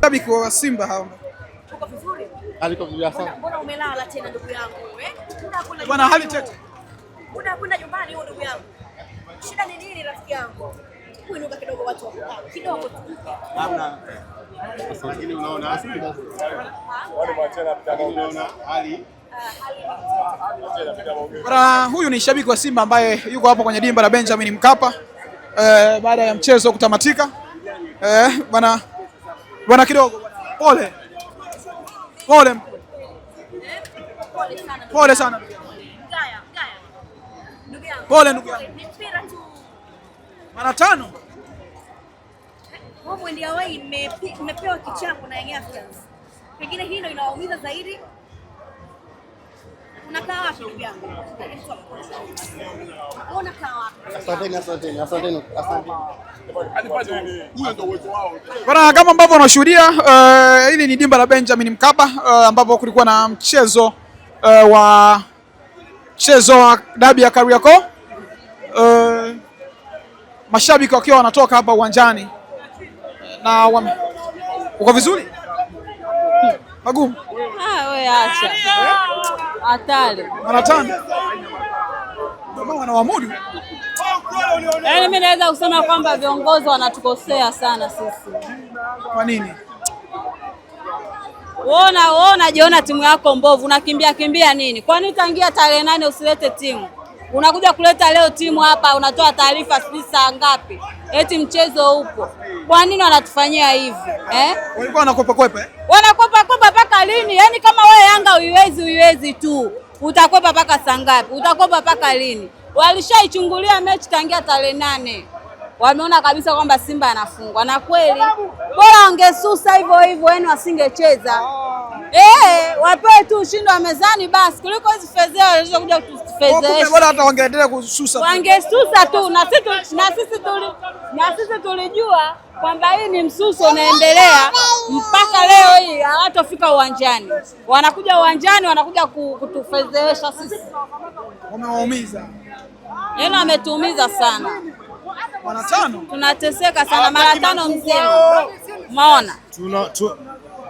Shabiki wa Simba hao. Uko vizuri? Aliko vizuri sana. Mbona umelala tena ndugu yangu eh? Bwana hali tete. Muda kwenda nyumbani huyo ndugu yangu. Shida ni nini rafiki yangu? Kuinuka kidogo watu wa kidogo tu. Hamna. Lakini unaona asili. Wale mwachana mtaka unaona hali Bwana huyu ni shabiki wa Simba ambaye yuko hapo kwenye dimba la Benjamin Mkapa eh, baada ya mchezo kutamatika eh, bwana Bwana kidogo pole. Pole. Pole sana. Gaya, gaya. Ndugu yangu. Pole ndugu yangu. Ni tu. Mara tano. Wao ndio wao imepewa kichapo na Young Africans. Pengine hii ndio inawaumiza zaidi. Unakaa wapi ndugu yangu? Unakaa wapi? Asanteni, asanteni, asanteni, asanteni. Bwana, kama ambavyo unashuhudia uh, hili ni dimba la Benjamin Mkapa uh, ambapo kulikuwa na mchezo uh, wa mchezo wa dabi ya Kariakoo uh, mashabiki wakiwa wanatoka hapa uwanjani na wame... uko vizuri hmm, magumu. Ah, wewe acha hatari mara tano, ndio wanawamudu. Yaani mimi naweza kusema kwamba viongozi wanatukosea sana sisi. Kwa nini? Wona wona, unajiona timu yako mbovu, unakimbia kimbia nini? nini tangia tarehe nane usilete timu, unakuja kuleta leo timu hapa, unatoa taarifa sijui saa ngapi eti mchezo upo. Kwa nini wanatufanyia hivi eh? Walikuwa wanakopa kwepa, eh? Wanakopa utakwepa mpaka lini? Yaani kama wewe Yanga uiwezi uiwezi tu, utakwepa mpaka saa ngapi? Utakwepa mpaka lini? Walishaichungulia mechi tangia tarehe nane, wameona kabisa kwamba Simba anafungwa, na kweli bora wangesusa hivyo hivyo, yani wasingecheza. Oh. Eh, wapewe tu ushindi wa mezani basi kuliko hizo fedha walizokuja kutufedhesha. Bora hata wangeendelea kususa. Wangesusa tu na sisi na sisi tuli na sisi tulijua kwamba hii ni msuso unaendelea mpaka leo hii wanafika uwanjani, wanakuja uwanjani, wanakuja kutufedhehesha sisi. Wamewaumiza yaani, wametuumiza sana, mara tano tunateseka sana, mara tano mzima. Maona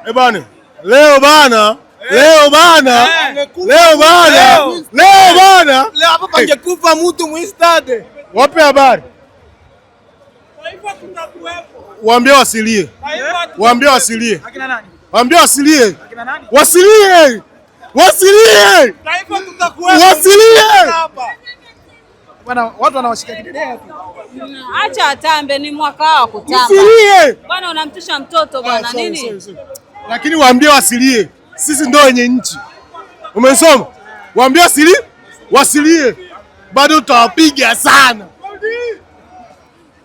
eh bana, leo bana Leo bana, eh, leo bana, leo bana, leo hapa pangekufa mtu mwistade. Wape habari, waambie wasilie, waambie wasilie. Akina nani? Waambie wasilie, wasilie, wasilie, wasilie. watu wanawashika kidedea tu. Acha atambe, ni mwaka wa kutamba. Wasilie bwana, unamtisha mtoto ah, bwana nini? Lakini waambie wasilie, sisi ndio wenye nchi. Umesoma? Waambie wasilie, wasilie, bado tutawapiga sana.